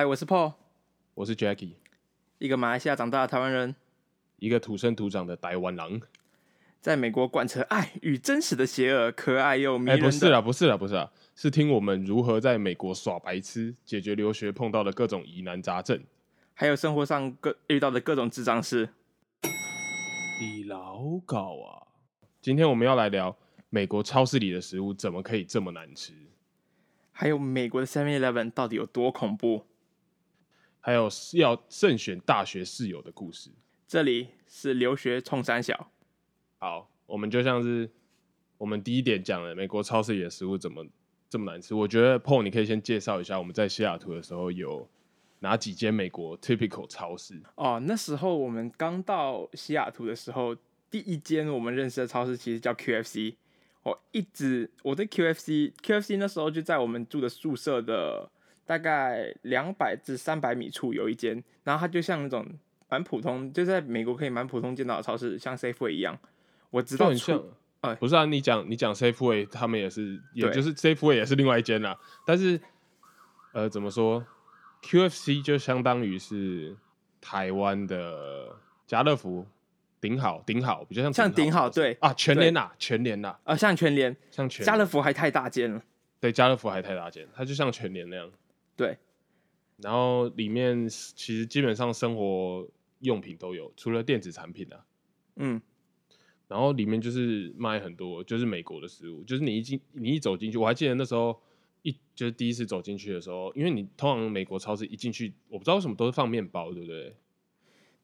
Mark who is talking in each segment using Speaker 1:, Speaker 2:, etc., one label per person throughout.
Speaker 1: 嗨，我是 Paul，我是 Jackie，一個馬來西亞長大的台灣人，一個土生土長的台灣人，在美國貫徹愛與真實的邪惡，可愛又迷人。哎，不是啦，不
Speaker 2: 是啦，不是啦，是聽我們如何在美國耍白痴，解決留學碰到的各種疑難雜症，還有生活上各遇到的各種智障事。你老搞啊！今天我們要來聊美國超市裡的食物怎麼可以這麼難吃，還有美國的 Seven Eleven 到底有多恐怖？還有要慎選大學室友的故事。這裡是留學衝三小。好，我們就像是我們第一點講了美國超市裡的食物怎麼這麼難吃。我覺得 Paul，你可以先介紹一下我們在西雅圖的時候有哪幾間美國 typical 超市。
Speaker 1: 哦，那時候我們剛到西雅圖的時候，第一間我們認識的超市其實叫 QFC。我一直我對 QFC，QFC 那時候就在我們住的宿舍的。大概兩百至三百米處有一間，然後它就像那種蠻普通，就在美國可以蠻普通見到的超市，像 Safeway 一樣。
Speaker 2: 我知道，很像、欸，不是啊？你講你講 Safeway，他們也是，也就是 Safeway 也是另外一間啦。但是，呃，怎麼說？QFC 就相當於是台灣的家樂福，頂好頂好，比較像像頂好對啊，全聯啦、啊，全聯啦、啊，啊、呃，像全聯，像全，家樂福還太大間了，對，家樂福還太大間，它就像全聯那樣。對，然後裡面其實基本上生活用品都有，除了電子產品啊。嗯，然後裡面就是賣很多就是美國的食物，就是你一進你一走進去，我還記得那時候一就是第一次走進去的時候，因為你通常美國超
Speaker 1: 市一進去，我不知道為什麼都是放麵包，對不對？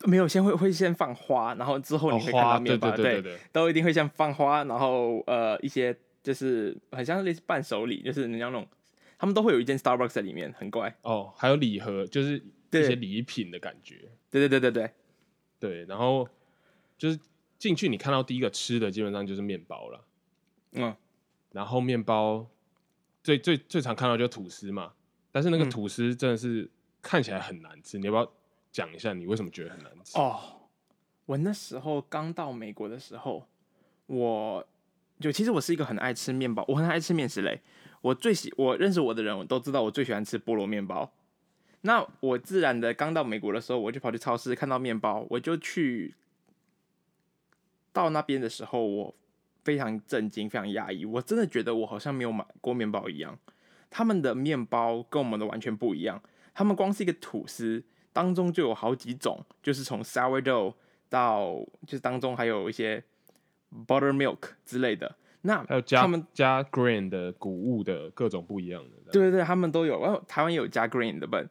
Speaker 1: 沒有先會會先放花，然後之後你會看到麵包，哦、對，對，對，對，對對對，都一定會先放花，然後呃一些就是很像是類似伴手禮，就是人家那種。他們都會有一間 Starbucks 在裡面，很乖哦。還有禮盒，就是一些禮品的感覺。對對對對對，對，對。然後
Speaker 2: 就是進去，你看到第一個吃的基本上就是麵包
Speaker 1: 了。
Speaker 2: 嗯。然後麵包最最最常看到就是吐司嘛，但是那個吐司真的是看起來很難吃，嗯、你要不要講一下你為什麼覺得很難
Speaker 1: 吃？哦，我那時候剛到美國的時候，我就其實我是一個很愛吃麵包，我很愛吃麵食類。我最喜我認識我的人，我都知道我最喜歡吃菠蘿麵包。那我自然的，剛到美國的時候，我就跑去超市看到麵包，我就去。到那邊的時候，我非常震驚，非常壓抑。我真的覺得我好像沒有買過麵包一樣。他們的麵包跟我們的完全不一樣。他們光是一個吐司，當中就有好幾種，就是從 sourdough 到，就是當中還有一些 buttermilk 之類的。那還有加他們加 grain 的穀物的各種不一樣的，對對對，他們都有，哦，台灣有加 grain 的，但，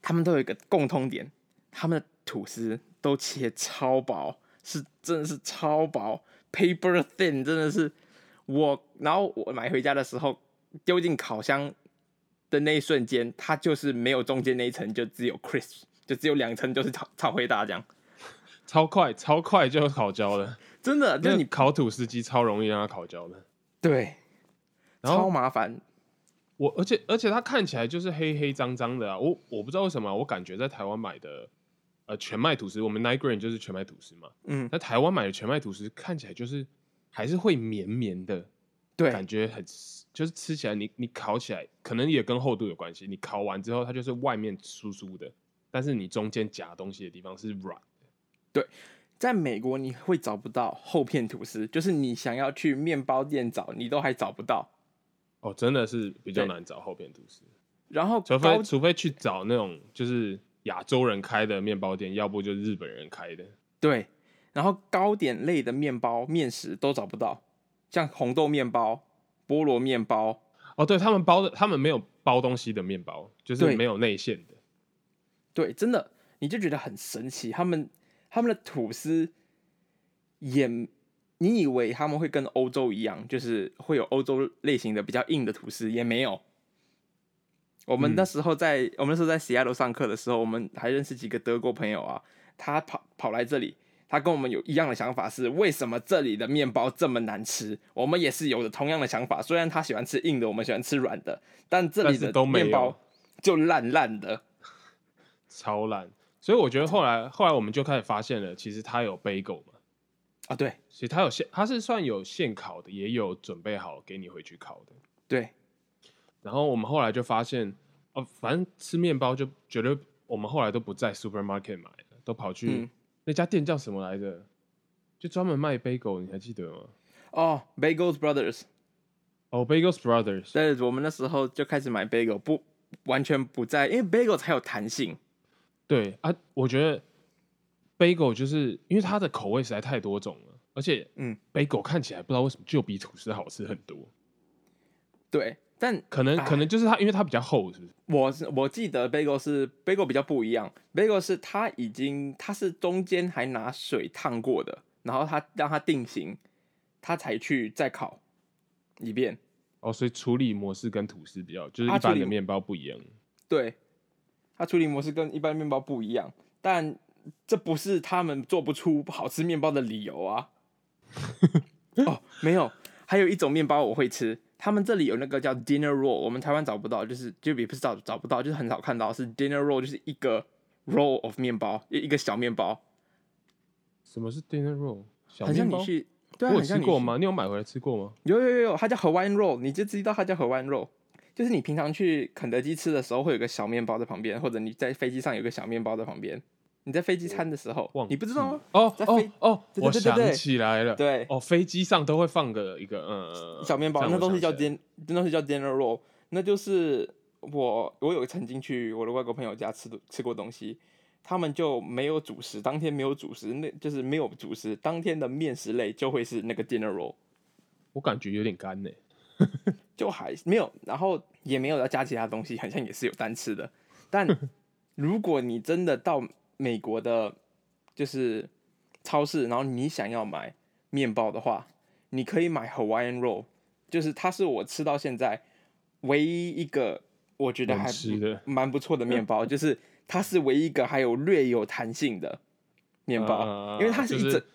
Speaker 1: 他們都有一個共通點，他們的吐司都切超薄，是真的是超薄，paper thin，真的是我，然後我買回家的時候丟進烤箱的那一瞬間，它就是沒有中間那一層，就只有 crisp，就只有兩層，就是超超會大醬。超
Speaker 2: 快超快就烤焦了。 真的，就是、你那你烤吐司機超容易讓它烤焦的。對，然後超麻煩我，而且而且它看起來就是黑黑髒髒的啊。我我不知道為什麼、啊，我感覺在台灣買的呃全麥吐司，我們 Nine Grain 就是全麥吐司嘛，嗯，在台灣買的全麥吐司看起來就是還是會綿綿的，對，感覺很就是吃起來你你烤起來可能也跟厚度有關係，你烤完之後它
Speaker 1: 就是外面酥酥的，但是你中間夾東西的地方是軟的，對。在美國，你會找不到厚片吐司，就是你想要去麵包店找，你都還找不到。哦，真的是比較難
Speaker 2: 找厚片吐司。
Speaker 1: 然後，除非除
Speaker 2: 非去找那種就是亞洲人開的麵包店，要不就是日本人開的。對，
Speaker 1: 然後糕點類的麵包、麵食都找不到，像紅豆麵包、菠蘿麵包。哦，對，他們包的，他們沒有包東西的麵包，就是沒有內餡的。對。對，真的，你就覺得很神奇，他們。他們的吐司也，你以為他們會跟歐洲一樣，就是會有歐洲類型的比較硬的吐司？也沒有。我們那時候在我們那時候在西雅圖上課的時候，我們還認識幾個德國朋友啊。他跑跑來這裡，他跟我們有一樣的想法是：是為什麼這裡的面包這麼難吃？我們也是有着同樣的想法。雖然他喜歡吃硬的，我們喜歡吃軟的，但這裡的面包就爛爛的，超爛。所以我覺得後來，後來我們就開始發現了，其實
Speaker 2: 他有 bagel 嘛。啊，對，其實他有現，他是算有現烤的，也有準備好給你回去烤的。對。然後我們後來就發現，哦，反正吃面包就覺得我們後來都不在 supermarket 買了，都跑去，嗯，那家店叫什麼來着？就專門賣 bagel，你還記
Speaker 1: 得嗎？哦，oh,Bagels Brothers。哦，oh,Bagels Brothers。對，我們那時候就開始買 bagel，不完全不在，因為 bagel 才有彈性。
Speaker 2: 對啊，我覺得 bagel 就是因為它的口味實在太多種了，而且嗯，嗯，bagel 看起來不知道為什麼就比吐司好吃很多。
Speaker 1: 對，但可能、呃、可能就是它，因為它比較厚，是不是？我是我記得 bagel 是 bagel 比較不一樣，bagel 是它已經它是中間還拿水燙過的，然後它讓它定型，它才去再烤一遍。
Speaker 2: 哦，所以處理模式跟吐司比較，就是一般的麵包不一樣。
Speaker 1: 啊、對。它處理模式跟一般麵包不一樣，但這不是他們做不出好吃麵包的理由啊！哦、 oh，沒有，還有一種麵包我會吃，他們這裡有那個叫 dinner roll，我們台灣找不到，就是就也不是找找不到，就是很少看到，是 dinner roll，就是一個 roll of 麵包，一個小麵包。
Speaker 2: 什麼是 dinner roll？小麵包？對啊、我吃過嗎？
Speaker 1: 你有買回來吃過嗎？有有有，有，它叫 Hawaiian roll，你就知道它叫 Hawaiian roll。就是你平常去肯德基吃的時候，會有個小麵包在旁邊，或者你在飛機上有個小麵包在旁邊。你在飛機餐的時候，你不知道嗎？哦，在飛，哦哦，對對對對對！我想起來了，對，哦，飛機上都會放個一個嗯小麵包，那東西叫 dinner 那東西叫 dinner roll，那就是我我有曾經去我的外國朋友家吃吃過東西，他們就沒有主食，當天沒有主食，那就是沒有主食，當天的麵食類就會是那個 dinner roll。我感覺有點乾呢、欸。 就還沒有，然後也沒有要加其他東西，好像也是有單吃的。但如果你真的到美國的，就是超市，然後你想要買麵包的話，你可以買 Hawaiian roll，就是它是我吃到現在唯一一個我覺得還蠻不錯的麵包的，就是它是唯一一個還有略有彈性的
Speaker 2: 麵包，啊，因為它是一整、
Speaker 1: 就是、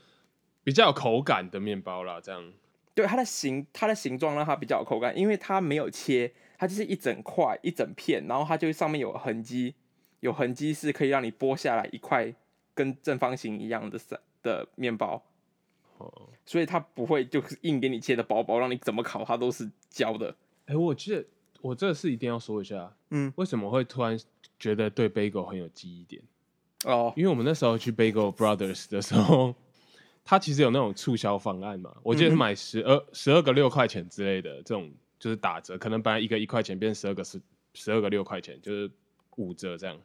Speaker 1: 比較有口感的麵包啦，這樣。對它的形，它的形狀讓它比較有口感，因為它沒有切，它就是一整塊一整片，然後它就上面有痕迹，有痕迹是可以讓你剝下來一塊跟正方形一樣的的麵包，哦，所以它不會就是硬給你切的薄薄，讓你怎麼烤它都是焦的。
Speaker 2: 哎、欸，我記得我這次是一定要說一下，嗯，為什麼會突然覺得對 Bagel 很有記憶點？哦，因為我們那時候去 Bagel Brothers 的時候。他其實有那種促銷方案嘛？我記得是買十二、嗯、十二個六塊錢之類的，這種就是打折，可能本來一個一塊錢變十二個十十二個六塊錢，就是五折這樣。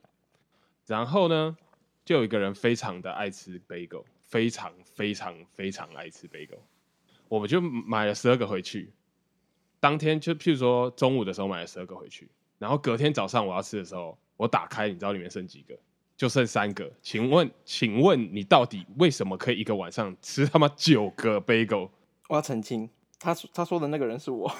Speaker 2: 然後呢，就有一個人非常的愛吃 bagel，非常非常非常愛吃 bagel，我們就買了十二個回去。當天就譬如說中午的時候買了十二個回去，然後隔天早上我要吃的時候，我打開，你知道裡面剩幾個？就剩三個，請問，請問你到底為什麼
Speaker 1: 可以一個晚上吃他媽九個 bagel？我要澄清，他他說的那個人是我。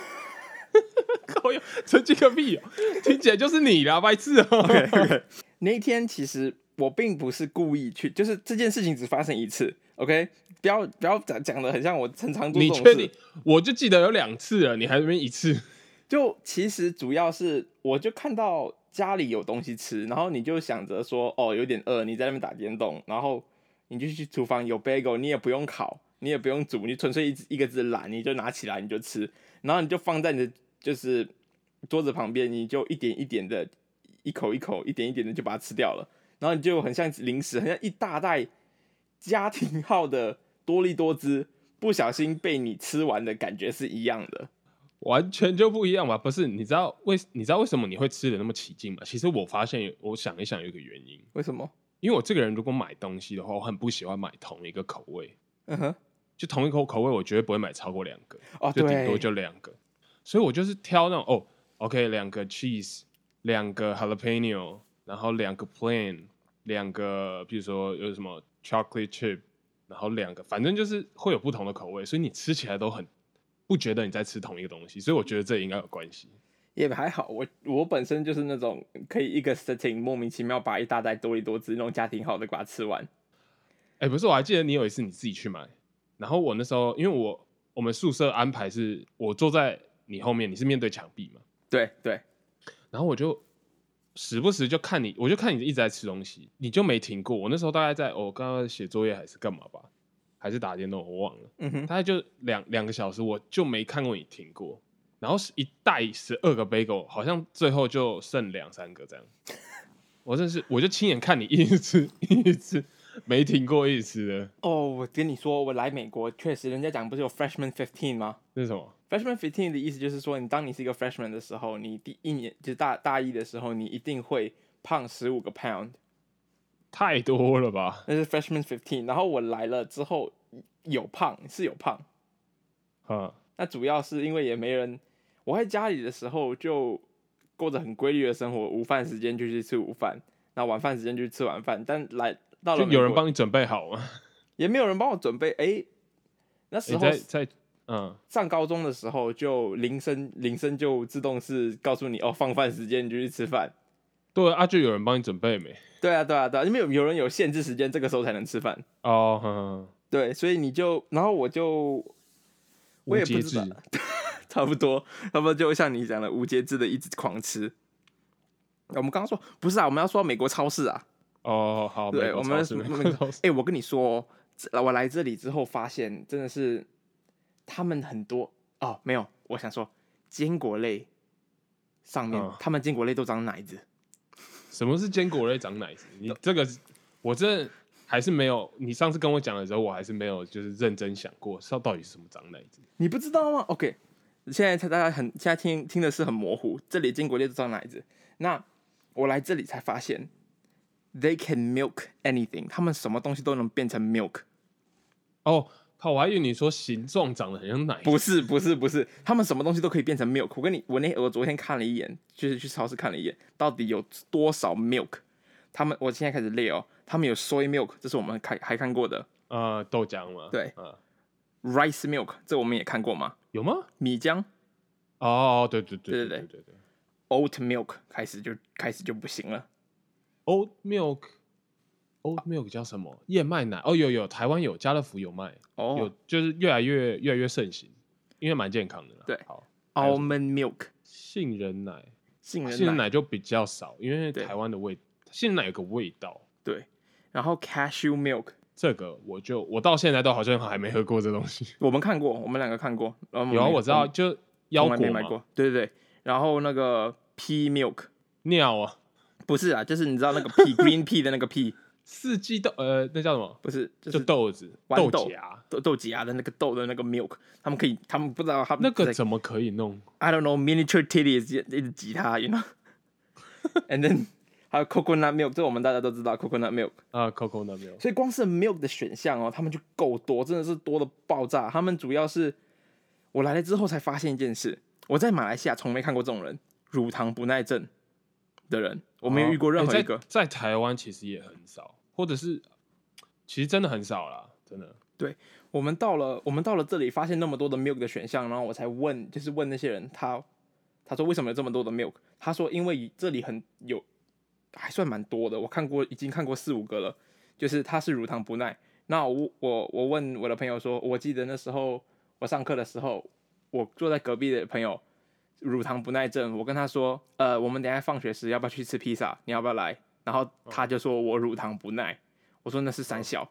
Speaker 1: 靠 呀，澄清個屁！聽起來就是你啦， 白痴喔！OK, okay 那天其實我並不是故意去，就是這件事情只發生一次。OK，不要不要講講的很像我很常做。你確定？我就記得有兩次了，你還沒一次？就其實主要是，我就看到。家裡有東西吃，然後你就想着說，哦，有點餓，你在那邊打電動，然後你就去廚房有 bagel，你也不用烤，你也不用煮，你純粹一一個字懶，你就拿起來你就吃，然後你就放在你的就是桌子旁邊，你就一點一點的，一口一口，一點一點的就把它吃掉了，然後你就很像零食，很像一大袋家庭號的多力多滋，不小心被你吃完的感覺是一樣的。
Speaker 2: 完全就不一樣嘛，不是，你知道為你知道為什麼你會吃的那麼起勁嗎？其實我發現，我想一想，有一個原因。為什麼？因為我這個人如果買東西的話，我很不喜歡買同一個口味。嗯哼，就同一口口味，我絕對不會買超過兩個
Speaker 1: 哦，就頂多就
Speaker 2: 兩個。所以我就是挑那種哦、oh，OK，兩個 cheese，兩個 jalapeno，然後兩個 plain，兩個比如說有什麼 chocolate chip，然後兩個，反正就是會有不同的口味，所以你吃起來都很。不覺得你在吃同一個東西，所以我覺得這應該有關係。
Speaker 1: 也、yeah, 還好，我我本身就是那種可以一個 setting 莫名其妙把一大袋多力多滋那種家庭號的把它吃完。哎、
Speaker 2: 欸，不是，我還記得你有一次你自己去買，然後我那時候因為我我們宿舍安排是我坐在你後面，你是面對牆壁嘛？對對。然後我就時不時就看你，我就看你一直在吃東西，你就沒停過。我那時候大概在，哦、我剛剛寫作業還是幹嘛吧。還是打電動，我忘了。嗯哼，大概就兩兩個小時，我就沒看過你停過。然後是一袋十二個 bagel，好像最後就剩兩三個這樣。 我真是，我就親眼看你一直一直，一直沒停過，一直哦
Speaker 1: ，oh, 我跟你說，我來美國確實，人家講不是有 freshman fifteen 嗎？那什麼？freshman fifteen 的意思就是說，你當你是一個 freshman 的時候，你第一年就是、大大一的時候，你一定會胖十五個 pound。太多了吧？那是 freshman fifteen，然後我來了之後有胖，是有胖，啊、嗯，那主要是因為也沒人，我在家裡的時候就過着很規律的生活，午飯時間就去吃午飯，那晚飯時間就去吃晚飯，但來到了就有人幫
Speaker 2: 你準備好嗎，
Speaker 1: 也沒有人幫我準備，哎、欸，那時候、欸、在，在嗯上高中的時候就鈴聲鈴聲就自動是告訴你哦，放飯時間你就去吃飯。對啊，就有人幫你準備沒？對啊，對啊，對啊，因為有有人有限制時間，這個時候才能吃飯哦。Oh, 對，所以你就，然後我就，我也不知道， 差不多，他們就像你講的，無節制的一直狂吃。啊、我們剛剛說不是啊，我們要說美國超市啊。哦、oh,，好，對，我們美國超市，哎、欸，我跟你說，我來這裡之後發現真的是，他們很多哦，沒有，我想說堅果類上面，oh. 他們堅果類都長奶子。
Speaker 2: 什麼是堅果類長奶子？你這個，我這還是沒有。你上次跟我講的時
Speaker 1: 候，我還是沒有就是認真想過，到底是什麼長奶子？你不知道嗎？OK，現在大家很現在聽聽的是很模糊。這裡堅果類長奶子，那我來這裡才發現，they can milk anything，他們什麼東西都能變成 milk 哦。
Speaker 2: Oh, 好，我還以為你說形狀長得很像奶，
Speaker 1: 不是不是不是，他們什麼東西都可以變成 milk。我跟你我那我昨天看了一眼，就是去超市看了一眼，到底有多少 milk。他們我現在開始列哦，他們有 soy milk，這是我們看還，還看過的，呃，豆漿嘛，對、
Speaker 2: 嗯、
Speaker 1: ，rice milk，這我們也看過嘛，有嗎？米漿？哦、oh,，對對對對對對對，對，對，oat milk 開始就開始就不行了
Speaker 2: ，oat milk。Oat milk，哦、叫什麼、啊、燕麥奶哦，有有台灣有家樂福有賣，哦、有就是越來越越來越盛行，因為蠻健康的啦。對，好 Almond Milk，杏仁，杏仁奶，杏仁奶就比較少，因為台灣
Speaker 1: 的味杏仁奶有個味道。對，然後 Cashew Milk，這個我就我
Speaker 2: 到現在都好像還沒喝過這東西。
Speaker 1: 我們看過，我們兩個看過，嗯、有我知道、嗯、就腰果買過，對對對，然後那個 Pea Milk 尿啊，不是啊，就是你知道那個 Pea Green Pea 的那個 Pea。四季豆，呃，那叫什麼？不是，就，是，豆，就豆子、豌豆、豆豆莢的那個豆的那個 milk，他們可以，他們不知道他們那個怎麼可以弄？I don't know miniature titty is guitar, you know？And then 還有 coconut milk，這個我們大家都知道，coconut milk 啊、uh，coconut milk。所以光是 milk 的選項哦、喔，他們就夠多，真的是多的爆炸。他們主要是我來了之後才發現一件事，我在馬來西亞從沒看過這種人，乳糖不耐症的人，我沒有遇過任何一個。哦、
Speaker 2: 欸、在，在台灣其實也很少。或者是，其實真的很少啦，
Speaker 1: 真的。對，我們到了，我們到了這裡，發現那麼多的 milk 的選項，然後我才問，就是問那些人，他他說為什麼有這麼多的 milk？他說因為這裡很有，還算蠻多的。我看過，已經看過四五個了，就是他是乳糖不耐。那我我我問我的朋友說，我記得那時候我上課的時候，我坐在隔壁的朋友乳糖不耐症，我跟他說，呃，我們等一下放學時要不要去吃披薩？你要不要來？然後他就說：“我乳糖不耐。”我說：“那是三小。”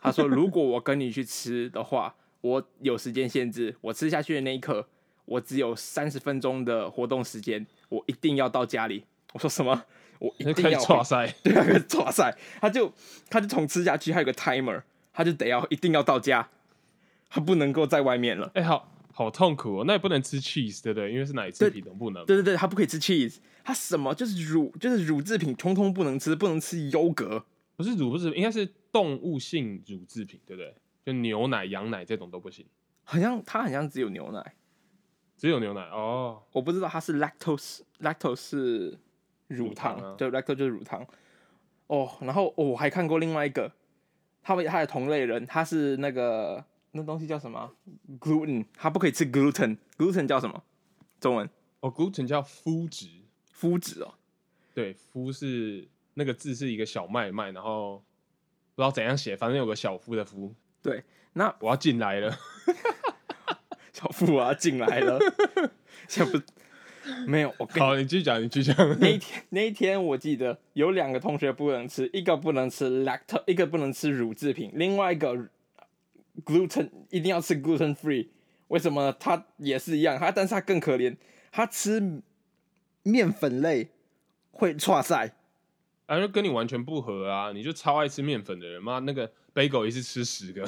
Speaker 1: 他說：“如果我跟你去吃的話，我有時間限制。我吃下去的那一刻，我只有三十分鐘的活動時間。我一定要到家裡。”我說：“什麼？我一定要抓塞，對、啊，哇塞。”他就他就從吃下去，還有個 timer，他就得要一定要到家，他不能夠在外面了。哎、欸，好。好痛苦哦，那也不能吃 cheese，對不對？因為是奶製品，能不能對？對對對，它不可以吃 cheese，它什麼就是乳，就是乳製品，通通不能吃，不能吃優格。不是乳不是，應該是動物性乳製品，對不對？就牛奶、羊奶這種都不行。好像它好像只有牛奶，只有牛奶哦。我不知道它是 lactose，lactose Lactose 是乳糖，對、啊，lactose 就是乳糖。哦、oh，然後、oh，我還看過另外一個，他們他的同類人，他是那個。那東西叫什麼？gluten，它不可以吃 gluten。gluten 叫什麼？中文？哦、oh，gluten 叫麩質。麩質哦，對，麩是
Speaker 2: 那個字是一個小麥麥，然後不知道怎樣寫，反正有個小夫的夫。
Speaker 1: 對，那我要進來了， 小夫我要進來了，小 夫沒有，我好，你繼續講，你繼續講。那一天，那一天我記得有兩個同學不能吃，一個不能吃 lact，一個不能吃乳製品，另外一個。gluten 一定要吃 gluten free，為什麼？他也是一樣，他但是他更可憐，他吃麵粉類會挫賽，
Speaker 2: 啊，就跟你完全不合啊！你就超愛吃麵粉的人嗎？媽那個 bagel 一次吃十個，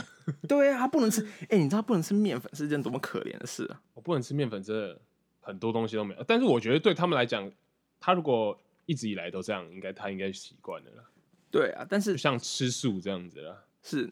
Speaker 1: 對啊，他不能吃，哎、 欸，你知道不能吃麵粉
Speaker 2: 是一件多麼可憐的事啊！我不能吃麵粉，真的很多東西都沒有。但是我覺得對他們來講，他如果一直以來都這樣，應該
Speaker 1: 他應該習慣了啦。對啊，但是像吃素這樣子啦，是。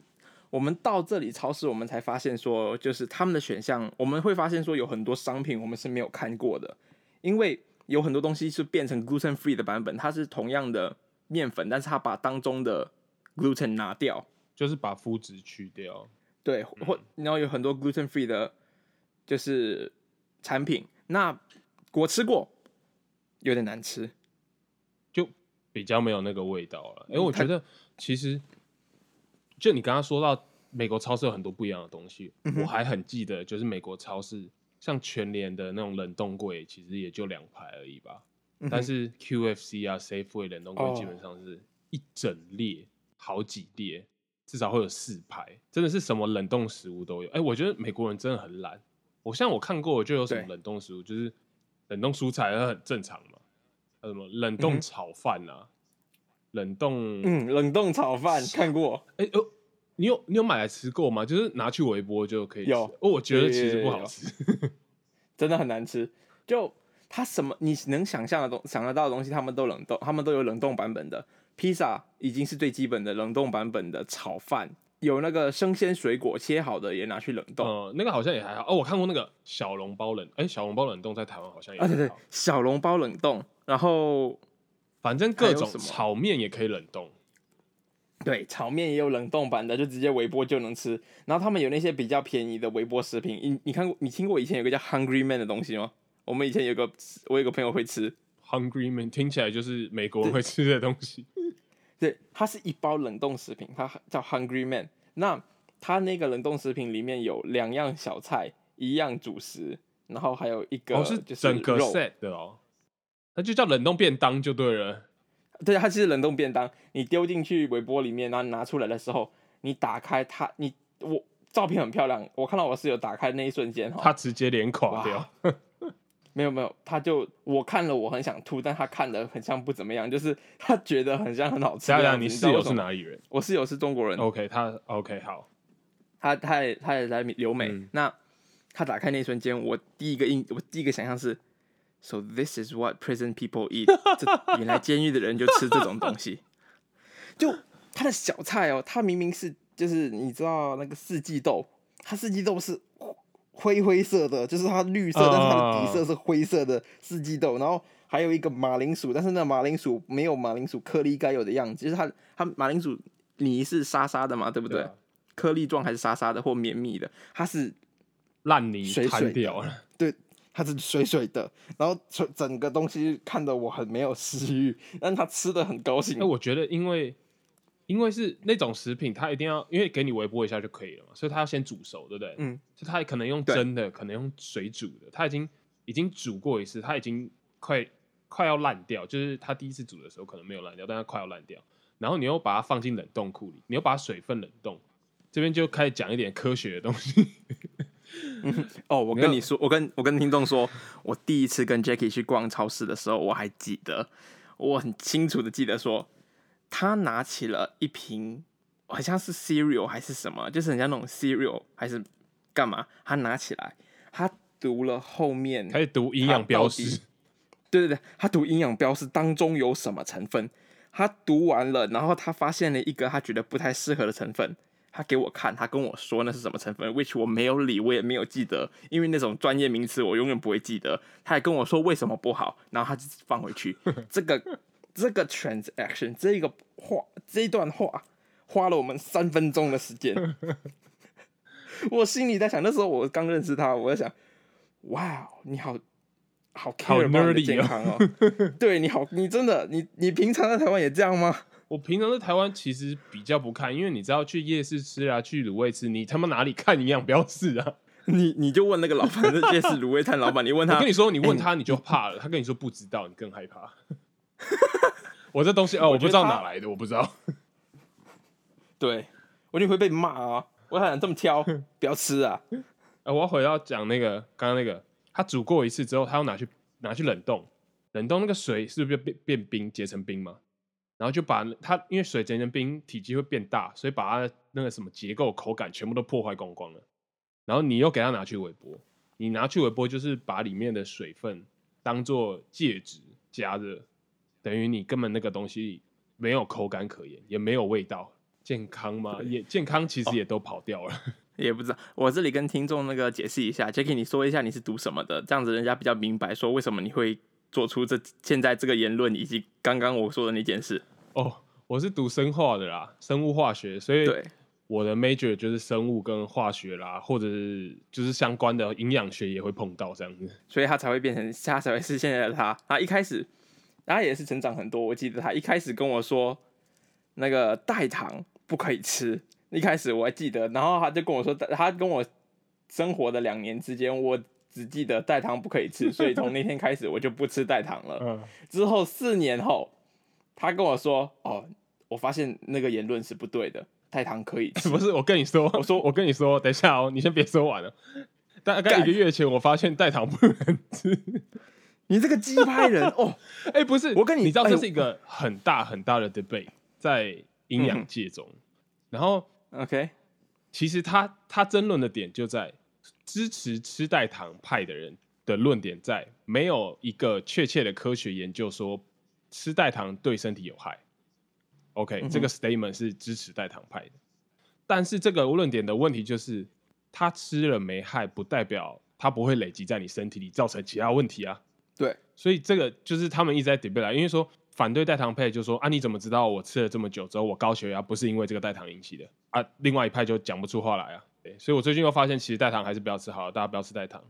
Speaker 1: 我們到這裡超市，我們才發現說，就是他們的選項，我們會發現說，有很多商品我們是沒有看過的，因為有很多東西是變成 gluten free 的版本，它是同樣的麵粉，但是它把當中的 gluten 拿掉，就是把麩質去掉。對，嗯、或然後有很多 gluten free 的，就是產品。那我吃過，有點難吃，就比
Speaker 2: 較沒有那個味道了。因為、欸、我覺得其實。就你剛剛說到美國超市有很多不一樣的東西，嗯、我還很記得，就是美國超市像全聯的那種冷凍櫃，其實也就兩排而已吧、嗯。但是 QFC 啊、Safeway 冷凍櫃基本上是一整列、哦，好幾列，至少會有四排。真的是什麼冷凍食物都有。哎，我覺得美國人真的很懶。我像我看過，就有什麼冷凍食物，就是冷凍蔬菜，很正常嘛。什麼冷凍炒飯啊？嗯冷凍，嗯，
Speaker 1: 冷凍炒飯看過。
Speaker 2: 哎、欸，有、哦、你有你有買來吃過嗎？就是拿去微波就可以吃。有，哦，我覺得其實不好吃，對對
Speaker 1: 對對。 真的很難吃。就它什麼你能想象的東想得到的東西，他們都冷凍，他們都有冷凍版本的。披薩已經是最基本的冷凍版本的炒飯，有那個生鮮水果切好的也拿去冷凍、嗯。那個好像也還好。哦，我看過那個小籠包冷，哎、欸，小籠包
Speaker 2: 冷凍在台灣好像也好、啊、對，
Speaker 1: 對對，小籠包冷凍，然後。反正各種炒麵也可以冷凍，對，炒麵也有冷凍版的，就直接微波就能吃。然後他們有那些比較便宜的微波食品，你你看過、你聽過以前有個叫 Hungry Man 的東西嗎？我們以前有個，我有個朋友會吃 Hungry Man，聽起來就是美國人會吃的東西。對，對它是一包冷凍食品，它叫 Hungry Man。那它那個冷凍食品裡面有兩樣小菜，一樣主食，然後還有一個肉，哦，是整個 s 那就叫冷凍便當就對了，對，它其實冷凍便當，你丟進去微波裡面，然後拿出來的時候，你打開它，你我照片很漂亮，我看到我室友打開那一瞬間、喔，他直
Speaker 2: 接臉垮掉，
Speaker 1: 沒有沒有，他就我看了我很想吐，但他看了很像不怎麼樣，就是他覺得很像很好吃。嘉良，你室友是哪裡人？我室友是中國人。OK，他 OK，好，他他也他也來留美，嗯、那他打開那一瞬間，我第一個印，我第一個想象是。So this is what prison people eat。這原來監獄的人就吃這種東西。 就他的小菜哦，他明明是就是你知道那個四季豆，他四季豆是灰灰色的，就是它綠色，但是它的底色是灰色的四季豆。Uh... 然後還有一個馬鈴薯，但是那馬鈴薯沒有馬鈴薯顆粒該有的樣子，就是它它馬鈴薯泥是沙沙的嘛，對不對？對啊。顆粒狀還是沙沙的或綿密的？它是水水爛泥，水水掉了。對。它是水水的，然後整個東西看得我很沒有食欲，但是他吃的很
Speaker 2: 高興。那我覺得因為因為是那種食品，它一定要因為給你微波一下就可以了嘛，所以它要先煮熟，對不對？嗯，是它也可能用蒸的，可能用水煮的，它已經已經煮過一次，它已經快快要爛掉，就是它第一次煮的時候可能沒有爛掉，但它快要爛掉，然後你又把它放進冷凍庫裡，你又把水分冷凍，這邊就開始講一
Speaker 1: 點科學的東西。 嗯哦，我跟你說，我跟我跟聽眾說，我第一次跟 Jackie 去逛超市的時候，我還記得，我很清楚的記得說，說他拿起了一瓶，好像是 Cereal 還是什麼，就是人家那種 Cereal 還是幹嘛，他拿起來，他讀了後面，他讀營養標示，對對對，他讀營養標示當中有什麼成分，他讀完了，然後他發現了一個他覺得不太適合的成分。他給我看，他跟我說那是什麼成分，which 我沒有理，我也沒有記得，因為那種專業名詞我永遠不會記得。他還跟我說為什麼不好，然後他就放回去。 這個這個 transaction，這一個話這一段話花了我們三分鐘的時間。 我心裡在想，那時候我剛認識他，我在想，哇，你好好 care 你的健康哦，哦 對你好，你真的，你你平常在台灣也這樣嗎？
Speaker 2: 我平常在台灣其實比較不看，因為你知道去夜市吃啊，去滷味吃，你他媽哪裡看營養標示啊？你你就問那個老闆， 夜市滷味攤老闆，你問他。我跟你說，你問他你就怕了、欸，他跟你說不知道，你更害怕。 我這東西哦我，我不知道哪來的，我不知道。 對，我就會被罵啊！我還想這麼挑， 不要吃啊！呃、我要回到講那個剛剛那個，他煮過一次之後，他要拿去拿去冷凍，冷凍那個水是不是就變變冰結成冰嘛？然後就把它，因為水結成冰體積會變大，所以把它那個什麼結構、口感全部都破壞光光了。然後你又給它拿去微波，你拿去微波就是把裡面的水分當做介質加熱，等於你根本那個東西
Speaker 1: 沒有口感可言，也沒有味道，健康嗎？也健康，其實也都跑掉了、哦。也不知道，我這裡跟聽眾那個解釋一下，Jackie，你說一下你是讀什麼的，這樣子人家比較明白說為什麼你會。做出這現在這個言論以及剛剛我說的那件事哦，oh, 我是讀生化的啦，生物化學，所以我的 major 就是生
Speaker 2: 物跟化學啦，或者是就是相關的營養學也會碰到這樣子，所以他才
Speaker 1: 會變成他才會是現在的他。他一開始他也是成長很多，我記得他一開始跟我說那個代糖不可以吃，一開始我還記得，然後他就跟我說他跟我生活的兩年之間我。只記得代糖不可以吃，所以從那天開始我就不吃代糖了。 嗯、之後四年後，他跟我說：“哦，我發現那個言論是不對的，代糖可以
Speaker 2: 吃。”欸，不是我跟你說，我說我跟你說，等一下哦，你先別說完了。但大概一個月前，我發現代糖不能吃。
Speaker 1: 你這個雞掰人 哦！哎、欸，不是，我跟你，你知道這是一個
Speaker 2: 很大很大的 debate 在營養界中。嗯、然後，OK，其實他他爭論的點就在。支持吃代糖派的人的論點在，沒有一個確切的科學研究說吃代糖對身體有害。OK，、嗯、這個 statement 是支持代糖派的。但是這個論點的問題就是，他吃了沒害，不代表他不會累積在你身體裡造成其他問題啊。對，所以這個就是他們一直在 debate 來，因為說反對代糖派就說啊，你怎麼知道我吃了這麼久之後我高血壓、啊、不是因為這個代糖引起的？啊，另外一派就講不出話來啊。所以，我最近又發現，其實代糖還是不要吃好。大家不要吃代糖，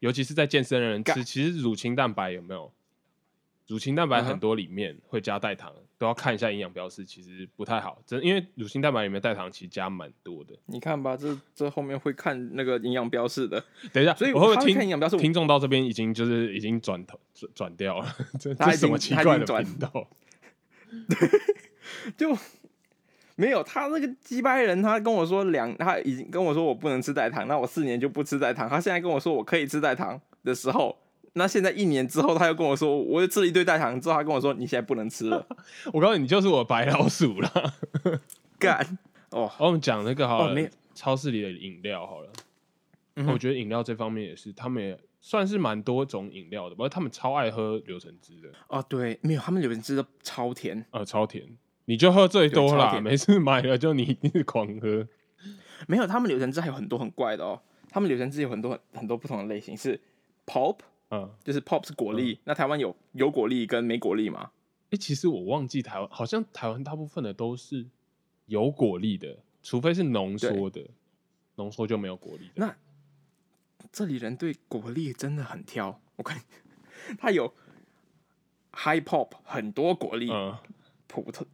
Speaker 2: 尤其是在健身的人吃。其實乳清蛋白有沒有？乳清蛋白很多裡面會加代糖、嗯，都要看一下營養標示。其實不太好，真因為乳清蛋白裡面代糖其實加蠻多的。
Speaker 1: 你看吧，這這後面會看那個營養標示的。等一下，所以我會，不會聽，聽
Speaker 2: 眾到這邊已經
Speaker 1: 就是已經轉頭轉轉掉了 這還，這什麼奇怪的頻道？轉 就。沒有他那個雞掰人，他跟我說兩，他已經跟我說我不能吃代糖，那我四年就不吃代糖。他現在跟我說我可以吃代糖的時候，那現在一年之後他又跟我說，我又吃了一堆代糖之後，他跟我說你現在不能吃了。 我告
Speaker 2: 訴你，你就是我的白老鼠了。
Speaker 1: 幹哦,哦，我
Speaker 2: 們講那個好了、哦，超市裡的飲料好了、嗯啊。我覺得飲料這方面也是，他們也算是蠻多種飲料的，不過他們超愛喝柳橙汁的。啊、哦，對，沒有，他們柳橙汁都超甜，呃，超甜。你就喝最多啦，每次買了就你一狂喝。
Speaker 1: 沒有，他們柳橙汁還有很多很怪的哦、喔。他們柳橙汁有很多很，很多不同的類型，是 pop，嗯，就是 pop 是果粒、嗯。那台灣有有果粒跟沒果粒嗎？哎、欸，其實我忘記台灣，
Speaker 2: 好像台灣大部分的都是有果粒的，除非是濃縮
Speaker 1: 的，濃縮就沒有果粒。那這裡人對果粒真的很挑。我看他有 high pop，很多果粒、嗯，普通。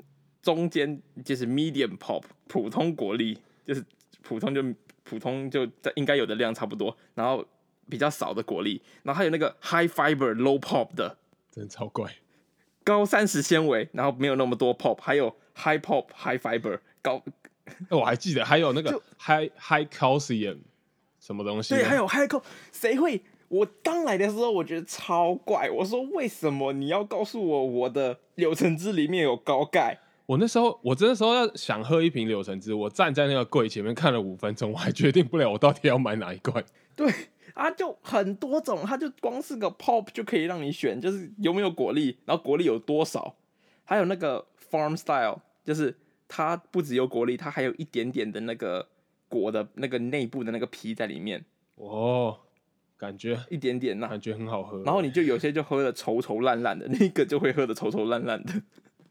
Speaker 1: 中間就是 medium pop 普通果粒，就是普通就普通就應該有的量差不多，然後比較少的果粒，然後還有那個 high fiber low pop 的，真的超怪，高膳食纖維，然後沒有那麼多 pop，還有 high pop high fiber 高，哦，我還記得還有那個 high high calcium 什麼東西，對，還有 high 鈣，誰會？我剛來的時候我覺得超怪，我說為什麼你要告訴我我的柳橙汁裡面有高鈣？
Speaker 2: 我那時候，我真的時候要想喝一瓶柳橙汁，我站在那個櫃前面看了五分鐘，我還決定不了我到底要買哪一罐。對
Speaker 1: 啊，就很多種，它就光是個 pop 就可以讓你選，就是有沒有果粒，然後果粒有多少，還有那個 farm style，就是它不只有果粒，它還有一點點的那個果的那個內部的那個皮在裡面。哦，感覺一點點啊，那感覺很好喝。然後你就有些就喝的稠稠爛爛的，那個就會喝的稠稠爛爛的。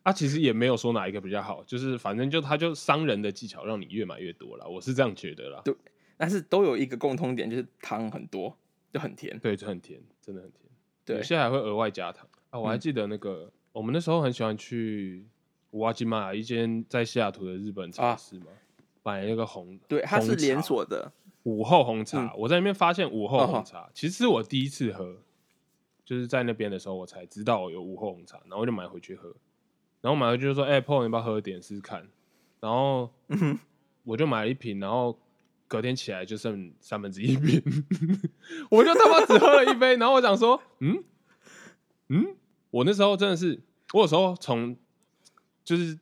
Speaker 1: 他、啊、其實也
Speaker 2: 沒有說哪一個比較好，就是反正就他就商人的技巧，讓你越買越多啦。我是這樣覺得啦，對。但是都有一個共通點，就是糖很多，就很甜。對，就很甜，真的很甜。對，有些還會額外加糖啊。我還記得那個、嗯，我們那時候很喜歡去，我要馬一間在西雅圖的日本茶室、啊、嘛，買那個紅，對，紅茶，它是連鎖的午後紅茶。嗯、我在那邊發現午後紅茶、哦，其實是我第一次喝，就是在那邊的時候我才知道有午後紅茶，然後我就買回去喝。然後買回去就說：“哎 Paul 你不要喝點試試看。”然後、嗯、我就買了一瓶，然後隔天起來就剩三分之一瓶，
Speaker 1: 我就他媽只喝了
Speaker 2: 一杯。 然後我想說：“嗯嗯，我那時候真的是，我有時候從就是，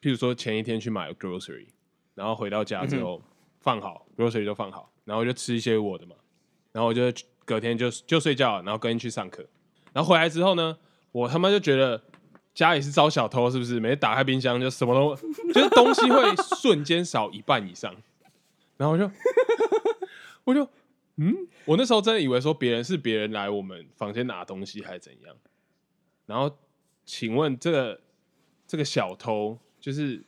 Speaker 2: 譬如說前一天去買個 grocery，然後回到家之後、嗯、放好 grocery 就放好，然後就吃一些我的嘛，然後我就隔天就就睡覺，然後跟人去上課，然後回來之後呢，我他媽就覺得。”家裡是招小偷是不是？每次打開冰箱就什麼都，就是東西會瞬間少一半以上。然後我就，我就，嗯，我那時候真的以為說別人是別人來我們房間拿東西還是怎樣。然後，請問這個這個小偷就是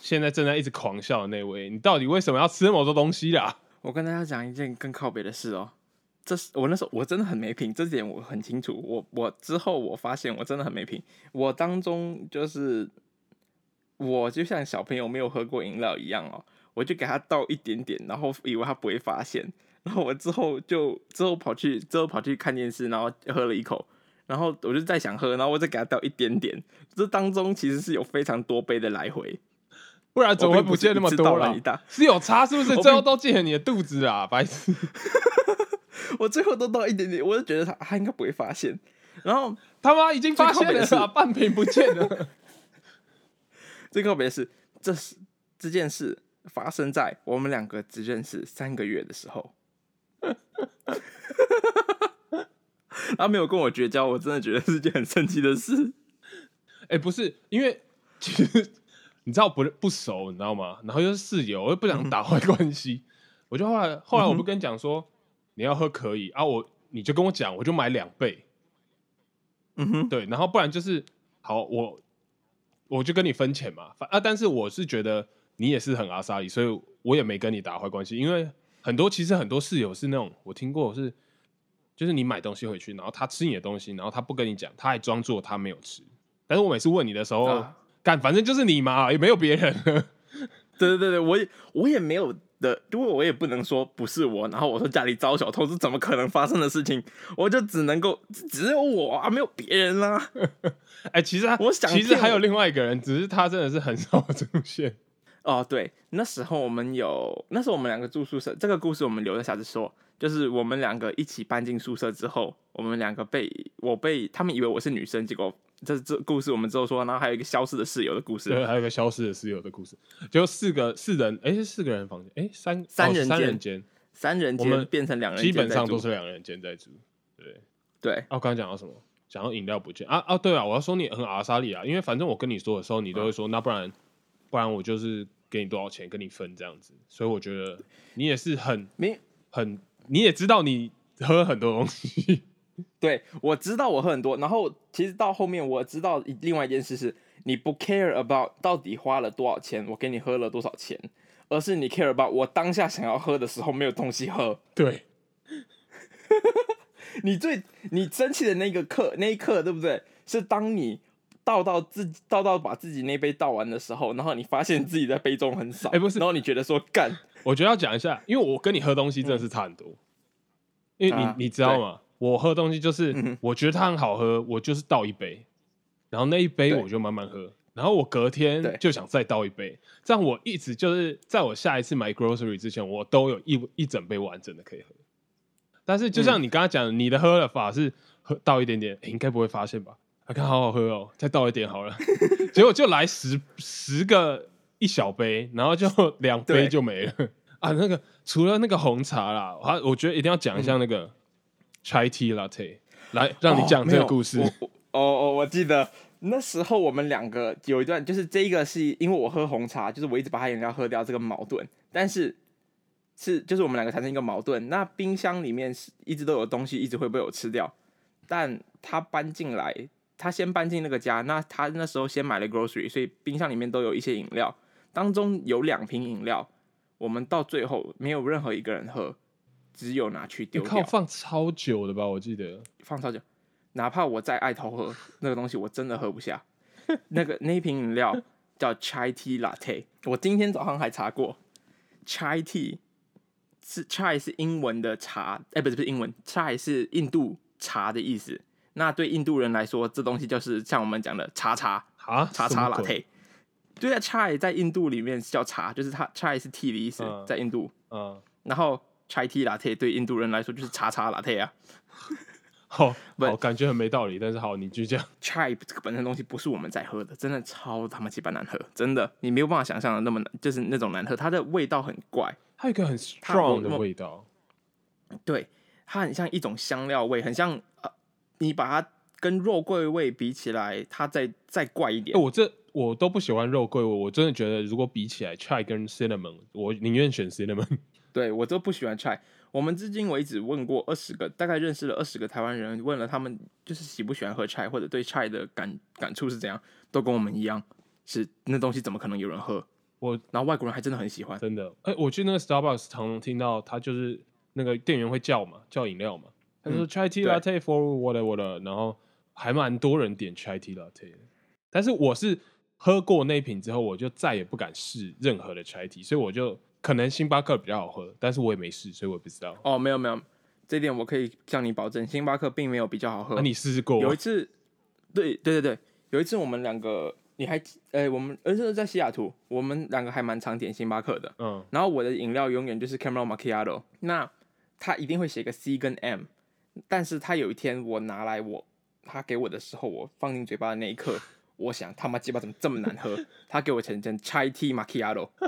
Speaker 2: 現在正在一直狂笑的那位，你到底為什麼要吃那麼多東
Speaker 1: 西啦？我跟大家講一件更靠北的事哦、喔。這是我那時候我真的很沒品，這點我很清楚。我我之後我發現我真的很沒品。我當中就是我就像小朋友沒有喝過飲料一樣哦、喔，我就給他倒一點點，然後以為他不會發現。然後我之後就之後跑去之後跑去看電視，然後喝了一口，然後我就再想喝，然後我再給他倒一點點。這當中其實是有非常多杯的來回，不然怎麼會不見那麼多啦？我並不是一次倒了一大，是有差是不是？最後都進了你的肚子啊，白痴！ 我最後都倒一點點，我就覺得他他應該不會發現。然後他
Speaker 2: 媽已經發現了是，是半瓶不見
Speaker 1: 了。 最特別是，這是這件事發生在我們兩個只認識三個月的時候。 他沒有跟我絕交，我真的覺得是件很神奇的事。哎、欸，不是，因為其
Speaker 2: 實你知道不不熟，你知道嗎？然後又是室友，我又不想打壞關係、嗯，我就後來後來我不跟你講說。嗯你要喝可以啊，我你就跟我講，我就買兩倍。嗯哼，對，然後不然就是好，我我就跟你分錢嘛。反啊，但是我是覺得你也是很阿莎力，所以我也沒跟你打壞關係。因為很多其實很多室友是那種，我聽過是，就是你買東西回去，然後他吃你的東西，然後他不跟你講，他還裝作他沒有吃。但是我每次問你的時候，
Speaker 1: 幹、啊、反正就是你嘛，也沒有別人。 對對對對，我我也沒有。的，因為我也不能說不是我，然後我說家裡遭小偷是怎麼可能發生的事情，我就只能夠只有我啊，沒有別人啦，啊。哎，欸，其實他我想我，其實還有另外一個人，只是他真的是很少出現。哦，對，那時候我們有，那時候我們兩個住宿舍，這個故事我們留着下次說。就是我們兩個一起搬進宿舍之後，我們兩個被我被他們以為我是女生，結果。這是這故事，我們之後說，然後還有一個消失的室友的故事，對，還
Speaker 2: 有一個消失的室友的故事，就四個四人，哎，是四個人房間，哎，三三人、哦、三人間，三人間變成兩人間，基本上都是兩人間在住，對對、啊。我剛剛講到什麼？講到飲料不見啊啊，對啊，我要說你很阿莎力啊，因為反正我跟你說的時候，你都會說，嗯、那不然不然我就是給你多少錢，跟你分這樣子，所以我覺得
Speaker 1: 你也是很很，你也知道你喝了很多東西。 對，我知道我喝很多，然後其實到後面我知道另外一件事是，你不 care about 到底花了多少錢，我給你喝了多少錢，而是你 care about 我當下想要喝的時候沒有東西喝。對， 你最你生氣的那個刻那一刻，對不對？是當你倒到自倒到把自己那杯倒完的時候，然後你發現自己的杯中很少，哎、欸，不是，然後你覺得說幹，我覺得要講一下，因為我跟你喝東西真的是差很多，嗯、因為你你，你知道嗎？
Speaker 2: 我喝東西就是，我覺得它很好喝、嗯，我就是倒一杯，然後那一杯我就慢慢喝，然後我隔天就想再倒一杯，這樣我一直就是在我下一次買 grocery 之前，我都有一一整杯完整的可以喝。但是就像你剛剛講，你的喝的法是喝倒一點點，應、欸、該不會發現吧？啊，看好好喝哦、喔，再倒一點好了， 結果就來十十個一小杯，然後就兩杯就沒了啊。那個除了那個紅茶啦，啊，我覺得一定要講一下那個。嗯 Chai tea latte，來讓你講這個故事。
Speaker 1: 哦，我哦，我記得那時候我們兩個有一段，就是這個是因為我喝紅茶，就是我一直把它飲料喝掉，這個矛盾，但是是就是我們兩個產生一個矛盾。那冰箱裡面是一直都有東西，一直會被我吃掉。但他搬進來，他先搬進那個家，那他那時候先買了 grocery，所以冰箱裡面都有一些飲料，當中有兩瓶飲料，我們到最後沒有任何一個人喝。只有拿去丟掉，欸、靠放超久的吧？我記得放超久，哪怕我再愛偷喝那個東西，我真的喝不下。 那個那瓶飲料叫 Chai tea latte，我今天早上還查過，Chai tea 是 Chai 是英文的茶，誒、欸，不是不是英文，Chai 是印度茶的意思。那對印度人來說，這東西就是像我們講的茶茶啊茶茶 latte。對啊，Chai 在印度裡面是叫茶，就是它 Chai 是 tea 的意思，嗯、在印度，嗯，然後。chai tea latte 對印度人來說就是茶茶 latte 啊， oh, But, 好，我感覺很沒道理，但是好，你就這樣。chai 這個本身東西不是我們在喝的，真的超他媽雞巴難喝，真的，你沒有辦法想象的那麼難，就是那種難喝，它的味道很怪，它有一個很 strong 有有的味道，對，它很像一種香料味，很像呃，你把它跟肉桂味比起來，它再再怪一點。欸、我
Speaker 2: 這我都不喜歡肉桂味，我真的覺得如果比起來 chai 跟 cinnamon，我寧願選 cinnamon。
Speaker 1: 對，我都不喜歡茶。我們至今為止問過二十個，大概認識了二十個台灣人，問了他們就是喜不喜歡喝茶，或者對茶的感感觸是怎樣，都跟我們一樣，是那東西怎麼可能有人喝？我，然後外國人還真的很喜歡，真的。欸，我去那個 Starbucks 常
Speaker 2: 常聽到他就是那個店員會叫嘛，叫飲料嘛，嗯，
Speaker 1: 他就說 chai tea latte for whatever,
Speaker 2: whatever，然後還蠻多人點 chai tea latte。但是我是喝過那一瓶之後，我就再也不敢試任何的 chai tea，所以我就。可能星巴克比較好喝，
Speaker 1: 但是我也沒試，所以我也不知道。哦，沒有沒有，這點我可以向你保證，星巴克並沒有比較好喝。那、啊、你試試過、啊？有一次，對對對對，有一次我們兩個，你還誒，我們那時在西雅圖，我們兩個還蠻常點星巴克的。嗯，然後我的飲料永遠就是 Caramel Macchiato，那他一定會寫個 C 跟 M，但是他有一天我拿來我他給我的時候，我放進嘴巴的那一刻， 我想他媽雞巴怎麼這麼難喝？ 他給我寫成 chai tea macchiato。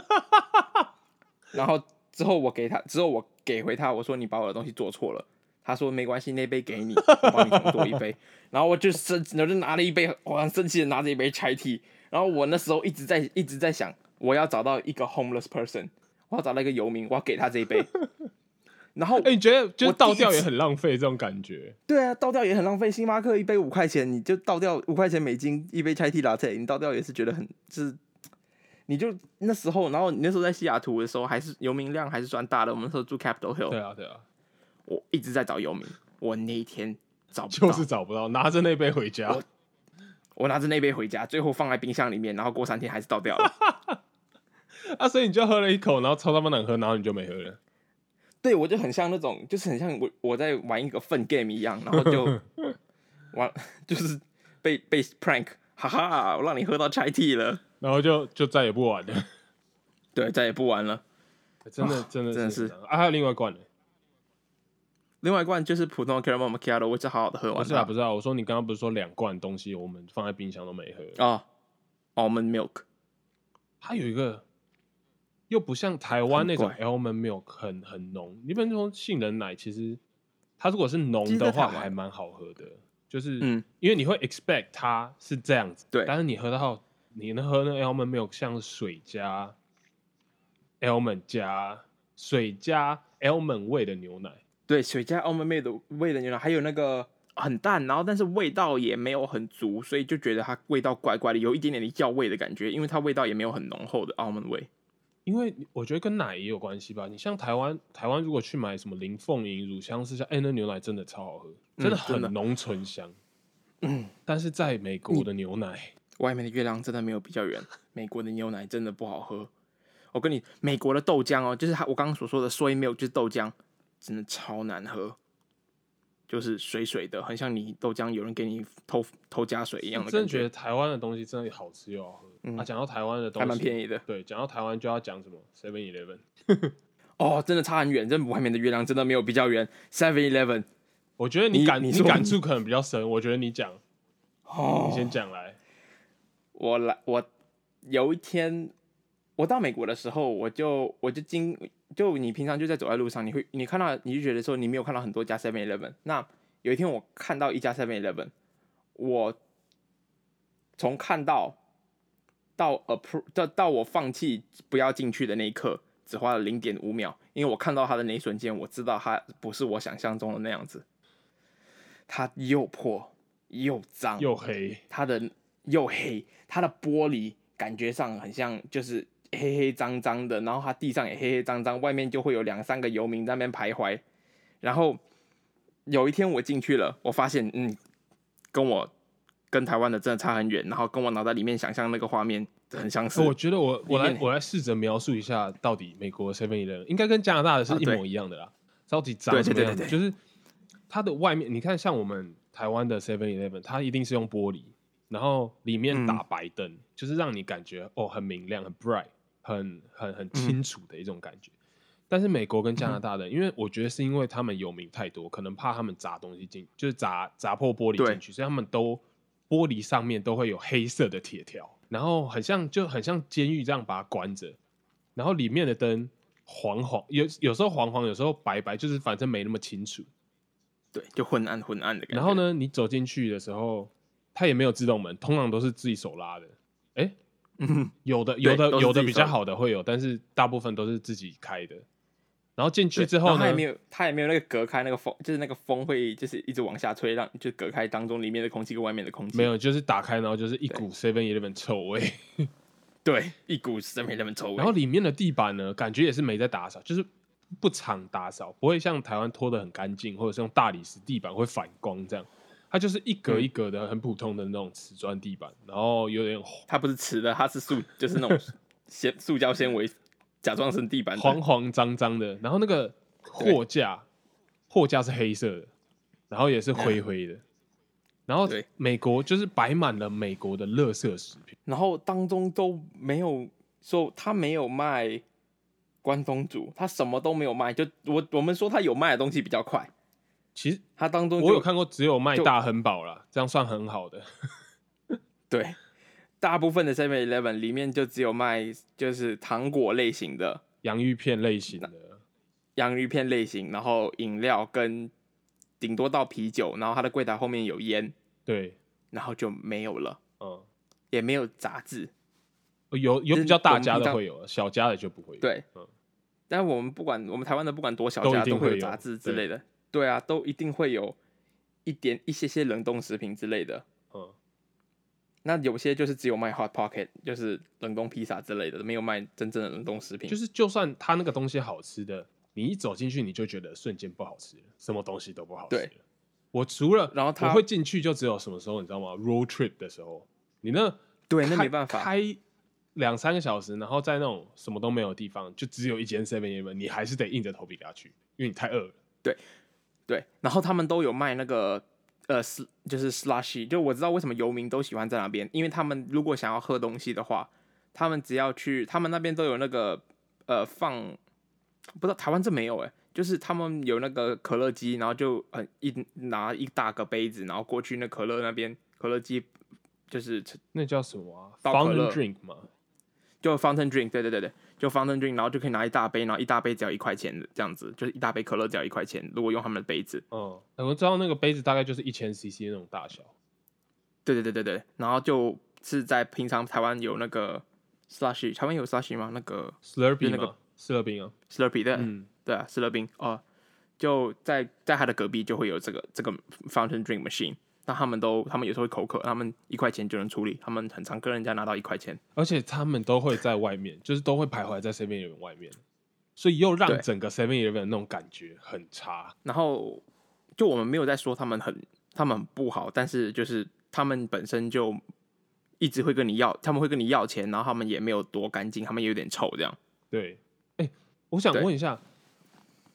Speaker 1: 然後之後我給他，之後我給回他，我說你把我的東西做錯了。他說沒關係，那杯給你，我幫你重做一杯。 然後我就生，我就拿了一杯，我很生氣的拿着一杯 chai tea。然後我那時候一直在一直在想，我要找到一個 homeless person，我要找到一個遊民，我要給他這一杯。
Speaker 2: 然後，哎、欸，你覺得，覺得倒掉也很浪費這種感覺？
Speaker 1: 對啊，倒掉也很浪費。星巴克一杯五塊錢，你就倒掉五塊錢美金一杯 chai tea latte，你倒掉也是覺得很、就是。你就那時候，然後你那時候在西雅圖的時候，還是遊民量還是算大的，我們那時候住 Capitol Hill。對啊，對啊。我一直在找遊民，我那一天找不到，就是找不到，拿着那杯回家。我，我拿着那杯回家，最後放在冰箱裡面，然後過三天還是倒掉了。 啊，所以你就喝了一口，然後超他媽難喝，然後你就沒喝了。對，我就很像那種，就是很像我我在玩一個 fun game 一樣，然後就 玩，就是被被 prank，哈哈，我讓你喝到 Chai tea 了。然後就就再也不玩了， 對，再也不玩了，欸、真的真的是、oh, 真的是啊，還有另外一罐呢、欸，另外一罐就是普通的 Caramel Macchiato，我只好好的喝完。不是道、啊、不知道、啊，我說你剛剛不是說兩罐東西我們放在冰箱都沒喝啊、oh,，almond
Speaker 2: milk，它有一個又不像台灣那種 almond milk 很很濃，你比如說杏仁奶，其實它如果是濃的話還蠻好喝的，就是嗯，因為你會 expect 它是這樣子，對，但是你喝到。你能喝那 almond milk，像水加 almond 加水
Speaker 1: 加 almond 味的牛奶。對，水加 almond m 的味的牛奶，還有那個很淡，然後但是味道也沒有很足，所以就覺得它味道怪怪的，有一點點的藥味的感覺，因為它味道也沒有很濃厚的 almond 味。
Speaker 2: 因為我覺得跟奶也有關係吧。你像台灣，台灣如果去買什麼林鳳營乳香是像，試下，哎，那牛奶真的超好喝，嗯、真的真的很濃醇香嗯。嗯，
Speaker 1: 但是在美國的牛奶。嗯外面的月亮真的沒有比較圓，美國的牛奶真的不好喝。我跟你美國的豆漿哦、喔，就是它，我剛剛所說的，soy milk 就是豆漿真的超難喝，就是水水的，很像你豆漿有人給你偷偷加水一樣的感覺。真的覺得
Speaker 2: 台灣的東西真的好吃又好喝。嗯、啊，講到
Speaker 1: 台灣的東西還蠻便宜
Speaker 2: 的。對，講到台灣就要講什麼 Seven Eleven。
Speaker 1: 哦，真的差很遠。真的外面的月亮真的沒有比較圓。Seven Eleven，我覺得你感你，你，你，你感觸可能比較深。我覺得你講，oh. 你先講來。我來，我有一天，我到美國的時候我，我就我就經就你平常就在走在路上，你會你看到你就覺得說你沒有看到很多家 Seven Eleven。那有一天我看到一家 Seven Eleven，我從看到到 Appro 到到我放棄不要進去的那一刻，只花了零點五秒，因為我看到他的那一瞬間，我知道他不是我想象中的那樣子，他又破又髒又黑，他的。又黑，它的玻璃感覺上很像，就是黑黑髒髒的。然後它地上也黑黑髒髒，外面就會有兩三個游民在那邊徘徊。然後有一天我進去了，我發現嗯，跟我跟台灣的真的差很遠，然後跟我腦袋裡面想象那個畫面很相似。我覺得我我來我
Speaker 2: 來試着描述一下，到底美國 Seven Eleven 應該跟加拿大的是一模一樣的啦，超級髒，對對對。就是它的外面你看，像我們台灣的 Seven Eleven，它一定是用玻璃。然後裡面打白燈，嗯、就是讓你感覺哦很明亮，很 bright 很，很很很清楚的一種感覺，嗯。但是美國跟加拿大的，嗯，因為我覺得是因為他們有名太多，可能怕他們砸東西進，就是砸砸破玻璃進去，所以他們都玻璃上面都會有黑色的鐵條，然後很像就很像監獄這樣把它關着。然後裡面的燈黃黃，有有時候黃黃，有時候白白，就是反正沒那麼清楚。對，就昏暗昏暗的感覺。然後呢，你走進去的時候。它也沒有自動門，通常都是自己手拉的。哎、欸嗯哼，有的有的，有的有的比較好的會有，但是大
Speaker 1: 部分都是自己開的。
Speaker 2: 然後進去之後呢，後它也沒有
Speaker 1: 它也沒有那個隔開那個風，就是那個風會就是一直往下吹，讓就隔開當中裡面的空氣跟外面的空氣。沒有，就是打開然後就是一股 seven eleven 臭，臭味。
Speaker 2: 對，一股 seven eleven 臭味。然後裡面的地板呢，感覺也是沒在打掃，就是不常打掃，不會像台灣拖得很乾淨，或者是用大理石地板會反光這樣。它就是一格一格的很普通的那種瓷磚地板、嗯，然後有點……它不是瓷的，它是塑，就是那種纖塑膠 纖維假裝成地板，黃黃髒髒的。然後那個貨架，貨架是黑色的，然後也是灰灰的。
Speaker 1: 嗯、然後美國就是擺滿了美國的垃圾食品，然後當中都沒有說他沒有賣關東煮，他什麼都沒有賣，就我我們說他有賣的東西比較快。其實它當中，我有看過，
Speaker 2: 只有賣大亨堡啦，這樣算很好的。
Speaker 1: 對，大部分的 Seven Eleven 裡面就只有賣就是糖果類型的，洋芋片類型的，洋芋片類型，然後飲料跟頂多到啤酒，然後它的櫃檯後面有菸，對，然後就沒有
Speaker 2: 了，
Speaker 1: 嗯，也沒有雜誌，
Speaker 2: 有有比較大家的會有，就是、小家的就不
Speaker 1: 會。對、嗯，但我們不管我們台灣的不管多小家都會有雜誌之類的。對啊，都一定會有一點一些些冷凍食品之類的。嗯，那有些就是只有賣 hot pocket，就是冷凍披薩之類的，沒有賣真正的冷凍食品。就是就算它那個東西好吃的，
Speaker 2: 你一走進去你就覺得瞬間不好吃，什麼東西都不好吃。對，我除了然後我會進去，就只有什麼時候你知道嗎？road trip 的時候，你那對那沒辦法開兩三個小時，然後在那種什麼都沒有的地方，就只有一間 seven eleven，你還是得硬着
Speaker 1: 頭皮下去，因為你太餓了。對。對，然後他們都有賣那個，呃，是就是 slushy，就我知道為什麼游民都喜歡在那邊，因為他們如果想要喝東西的話，他們只要去他們那邊都有那個，呃，放，不知道台灣這沒有誒，就是他們有那個可樂機，然後就很、呃、一拿一大個杯子，然後過去那可樂那邊可樂機就是
Speaker 2: 那叫什麼、啊
Speaker 1: ？fountain drink 嗎？就 fountain drink，對對對對，就 fountain drink，然後就可以拿一大杯，然後一大杯只要一塊錢，這樣子，就是一大杯可樂只要一塊錢。如果用他們的杯子，
Speaker 2: 嗯，我知道那個杯子大概就是一千 CC
Speaker 1: 那種大小。對對對對對，然後就是在平常台灣有那個 slushy，台灣有 slushy 嗎？那個 Slurpee、那個、嗎 Slurpee,、啊、？Slurpee，對，嗯，對啊，Slurpee，哦，就在在他的隔壁就會有這個這個 fountain drink machine。那他們都，他們有時候會口渴，他們一塊錢就能處理，他們很常跟人家拿到一塊錢，
Speaker 2: 而且他們都會在外面， 就是都會徘徊在 Seven Eleven 外面，所以又
Speaker 1: 讓整個 Seven Eleven 那種感覺很差。然後，就我們沒有在說他們很，他們不好，但是就是他們本身就一直會跟你要，他們會跟你要錢，然後他們也沒有多乾淨，他們也有點臭這樣。
Speaker 2: 對，哎、
Speaker 1: 欸，我想問一
Speaker 2: 下。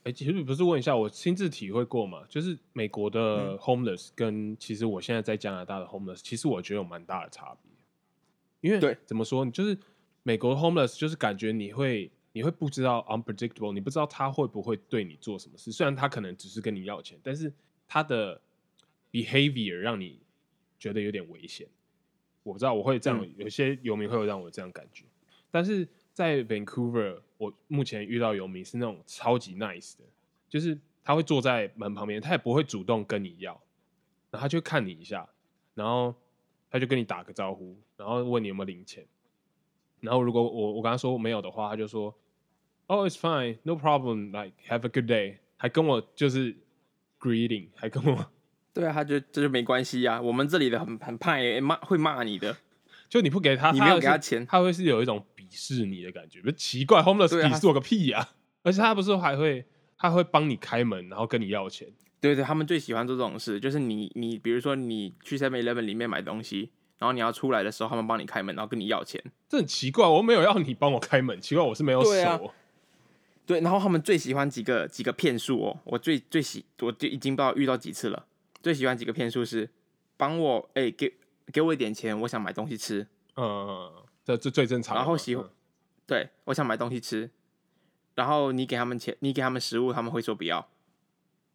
Speaker 2: 哎、欸，其實你不是問一下，我親自體會過嘛，就是美國的 homeless 跟其實我現在在加拿大的 homeless，其實我覺得有蠻大的差別。因為對，怎麼說，就是美國 homeless，就是感覺你會你會不知道 unpredictable，你不知道他會不會對你做什麼事。雖然他可能只是跟你要錢，但是他的 behavior 讓你覺得有點危險。我不知道我會這樣，嗯、有些游民會有讓我這樣感覺，但是。在 Vancouver，我目前遇到遊民是那種超級 nice 的，就是他會坐在門旁邊，他也不會主動跟你要，然後他就看你一下，然後他就跟你打個招呼，然後問你有沒有零錢，然後如果我我跟他說沒有的話，他就說，Oh it's fine, no problem, like
Speaker 1: have a good day，還跟我就是
Speaker 2: greeting，還跟我，對啊，他就這
Speaker 1: 就，就沒關係啊，我們這裡的很很怕，欸、會罵你的，就你不給他，他，你沒有給他錢，他會是有一種，
Speaker 2: 鄙視你的感覺，不奇怪。
Speaker 1: Homeless 鄙視我個屁呀、啊啊！而且他不是還會，他
Speaker 2: 會幫你開門，然後跟你要錢。
Speaker 1: 對對，他們最喜歡做這種事，就是你你比如說你去 Seven Eleven 裡面買東西，然後你要出來的時候，他們幫你開門，然後跟你要錢，這
Speaker 2: 很奇怪。我沒有要你幫我開門，奇怪，我是沒有鎖、啊。
Speaker 1: 對，然後他們最喜歡幾個幾個騙術哦，我最最喜，我就已經不知道遇到幾次了。最喜歡幾個騙術是，幫我哎、欸，給給我一點錢，我想買東西吃。嗯。這這最正常。然後喜歡、嗯，對，我想買東西吃，然後你給他們錢，你給他們食物，他們會說不要。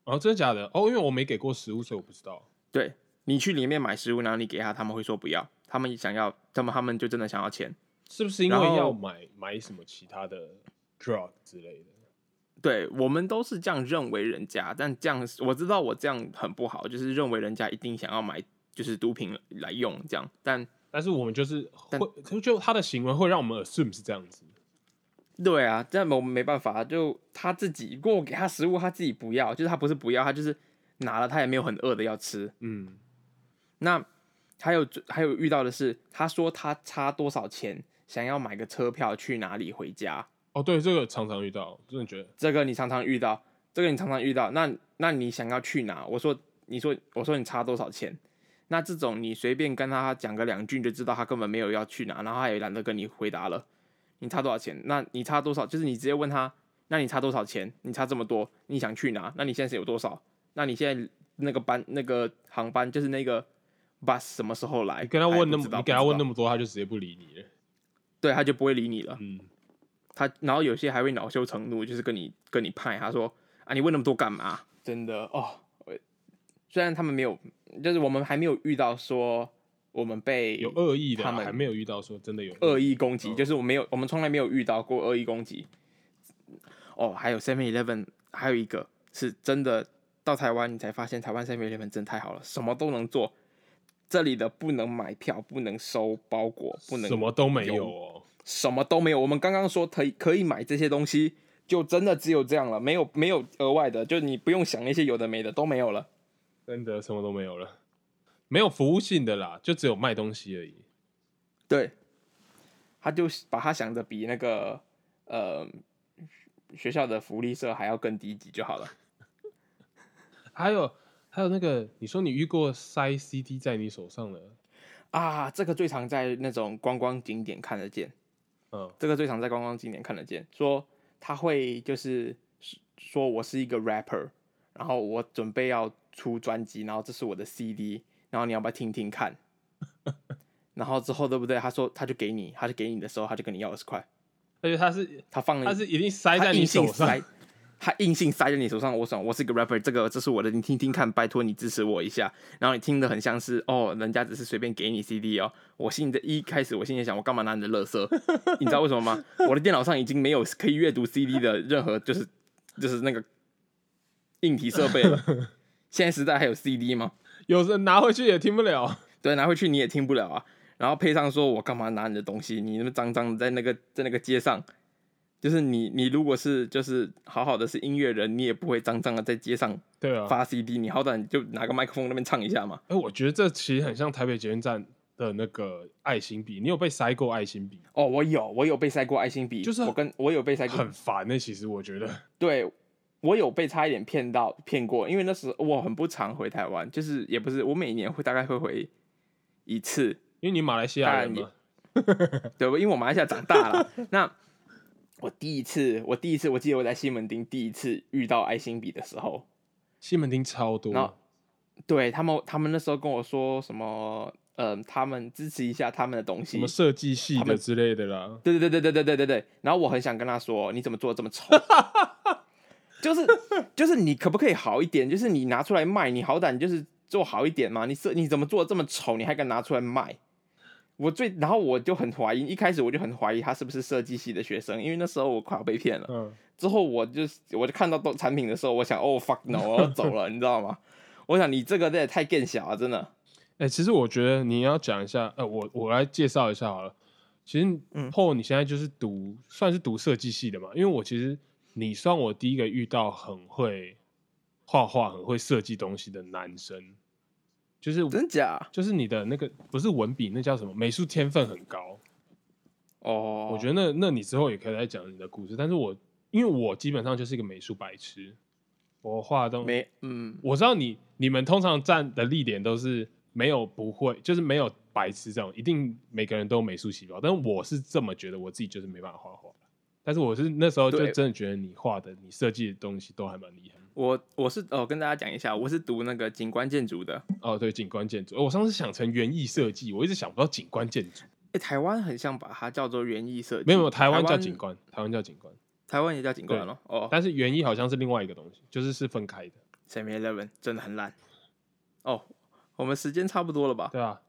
Speaker 2: 哦，真的假的？哦，因為我沒給過食物，所以我不知道。
Speaker 1: 對，你去裡面買食物，然後你給他，他們會說不要。他們想要，他們他們就真的想要錢，是不是？因為要買
Speaker 2: 買什麼其他的 drug 之類的。
Speaker 1: 對，我們都是這樣認為人家，但這樣我知道我這樣很不好，就是認為人家一定想要買，就是毒品來用這樣，但。但是我們就是會，就他的行為會讓我們 assume 是這樣子。對啊，這樣我們沒辦法，就他自己，如果給他食物，他自己不要，就是他不是不要，他就是拿了，他也沒有很餓的要吃。嗯。那還有最還有遇到的是，他說他差多少錢，想要買個車票去哪裡回家。哦，對，這個常常遇到，真的覺得這個你常常遇到，這個你常常遇到。那那你想要去哪？我說，你說，我說你差多少錢？那這種你隨便跟他講個兩句，你就知道他根本沒有要去哪，然後他也懶得跟你回答了。你差多少錢？那你差多少？就是你直接問他，那你差多少錢？你差這麼多，你想去哪？那你現在是有多少？那你現在那個班那個航班就是那個 bus 什麼時候來？你跟他問那麼你給他問那麼多，他就直接不理你了。對，他就不會理你了。嗯。他然後有些還會惱羞成怒，就是跟你跟你派，他說啊，你問那麼多幹嘛？真的哦，雖然他們沒有。就是我們還沒有遇到說我們被他們有惡意的，啊，還沒有遇到說真的有惡意，惡意攻擊，呃。就是我沒有，我們從來沒有遇到過惡意攻擊。哦，還有 Seven Eleven，還有一個是真的到台灣你才發現台灣 Seven Eleven 真太好了，什麼都能做。這裡的不能買票，不能收包裹，不能什麼都沒有，哦，什麼都沒有。我們剛剛說可以可以買這些東西，就真的只有這樣了，沒有沒有額外的，就是你不用想那些有的沒的都沒有了。
Speaker 2: 真的什麼都沒有了，
Speaker 1: 沒有服務性的啦，就只有賣東西而已。對，他就把他想的比那個呃學校的福利社還要更低級就好了。
Speaker 2: 還有還有那個，你說你遇過塞
Speaker 1: C D 在你手上的啊？這個最常在那種觀光景點看得見，嗯、哦，這個最常在觀光景點看得見。說他會就是說我是一個 rapper，然後我準備要，出專輯，然後這是我的 CD，然後你要不要聽聽看？ 然後之後對不對？他說他就給你，他就給你的時候，他就跟你要二十塊，
Speaker 2: 而且他是
Speaker 1: 他放他是一
Speaker 2: 定塞在你手上，他
Speaker 1: 硬性塞，硬性塞在你手上。我想我是一個 rapper，這個這是我的，你聽聽看，拜託你支持我一下。然後你聽得很像是哦，人家只是隨便給你 CD 哦。我心裡在一開始，我心裡想，我幹嘛拿你的樂色？ 你知道為什麼嗎？我的電腦上已經沒有可以閱讀 CD 的任何就是就是那個硬體設備了。 現在時代還有 CD 嗎？有時拿回去也聽不了。對，拿回去你也聽不了啊。然後配上說：“我幹嘛拿你的東西？你那麼髒脏的，在那個在那個街上，就是你你如果是就是好好的是音樂人，你也不會髒脏的在街上 CD, 對啊發 CD。你好歹就拿個麥克風那邊唱一下嘛。哎、欸，
Speaker 2: 我覺得這其實很像台北捷運站的那個愛心筆。你有被塞過愛心筆？哦，
Speaker 1: 我有，我有被塞過愛心筆，就是我跟我有被塞過，很煩呢，其實我覺得對。我有被差一點騙到騙過，因為那時我很不常回台灣，就是也不是我每年會大概會回一次。因為你馬來西亞人嘛，當然，對，因為我馬來西亞長大了。 那我第一次，我第一次，我記得我在西門町第一次遇到愛心筆的時候，
Speaker 2: 西門町超多。
Speaker 1: 對他們，他們那時候跟我說什麼，呃，他們支持一下他們的東西，什麼設
Speaker 2: 計系的之
Speaker 1: 類的啦。對對對對對對對對對。然後我很想跟他說，你怎麼做得這麼醜？ 就是就是你可不可以好一點？就是你拿出來賣，你好歹你就是做好一點嘛。你設你怎麼做的這麼醜，你還敢拿出來賣？我最然後我就很懷疑，一開始我就很懷疑他是不是設計系的學生，因為那時候我快要被騙了。嗯，之後我就我就看到都產品的時候，我想哦 fuck no，我要走了， 你知道嗎？我想你這個這也太更小了，真的。哎、
Speaker 2: 欸，其實我覺得你要講一下，呃，我我來介紹一下好了。其實，嗯，後你現在就是讀、嗯、算是讀設計系的嘛，因為我其實。你算我第一個遇到很會畫畫、很會設計東西的男生，就是真假？就是你的那個不是文筆，那叫什麼？美術天分很高。哦，我覺得那那你之後也可以來講你的故事。但是我因為我基本上就是一個美術白痴，我畫都沒嗯，我知道你你們通常站的立點都是沒有不會，就是沒有白痴這種，一定每個人都有美術細胞。但我是這
Speaker 1: 麼覺得，我自己就是沒辦法畫畫。
Speaker 2: 但是我是那時候就真的覺得你畫的、你設計的東西
Speaker 1: 都還蠻厲害。我我是哦，跟大家講一下，我是讀那個景觀建築的。哦，對，景觀建築、哦。我上次想成園藝設計，我一直想不到景觀建築。哎、欸，台灣很像把它叫做園藝設計。沒有，台灣叫景觀，台灣叫景觀，台灣也叫景觀咯哦。但是園藝好像是另外一個東西，就是是分開的。Seven Eleven 真的很爛。哦，我們
Speaker 2: 時間差不多了吧？對啊。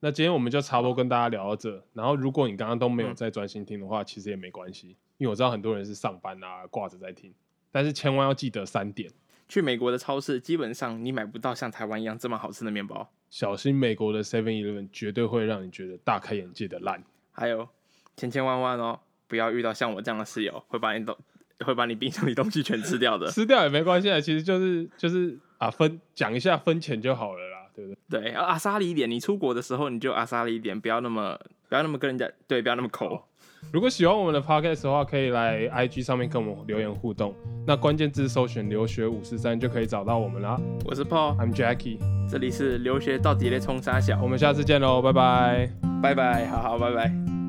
Speaker 2: 那今天我們就差不多跟大家聊到這。然後如果你剛剛都沒有再專心聽的話、嗯，其實也沒關係。因為我知道很多人是上班啊掛着在聽，但是千萬要
Speaker 1: 記得三點：去美國的超市，基本上你買不到像台灣一樣這麼好吃的麵包。小心美國的7-11絕對會讓你覺得大開眼界的爛。還有千千萬萬哦、喔，不要遇到像我這樣的室友，會把你東會把你冰箱裡東西全吃掉的。 吃
Speaker 2: 掉也沒關係啊，其實就是就是啊，分講一下分錢就好了啦，
Speaker 1: 對不對？對啊，阿莎麗一點，你出國的時候你就阿莎麗一點，不要那麼不要那麼跟人家對，不要那麼摳。
Speaker 2: 如果喜歡我們的 podcast 的話，可以來 IG 上面跟我們留言互動。那關鍵字搜尋“留學五十三”就可以找到我們啦。我是 Paul，I'm Jackie。這裡是留學到
Speaker 1: 底的衝沙小。我們下次見嘍，拜拜，拜拜，好好拜拜。Bye bye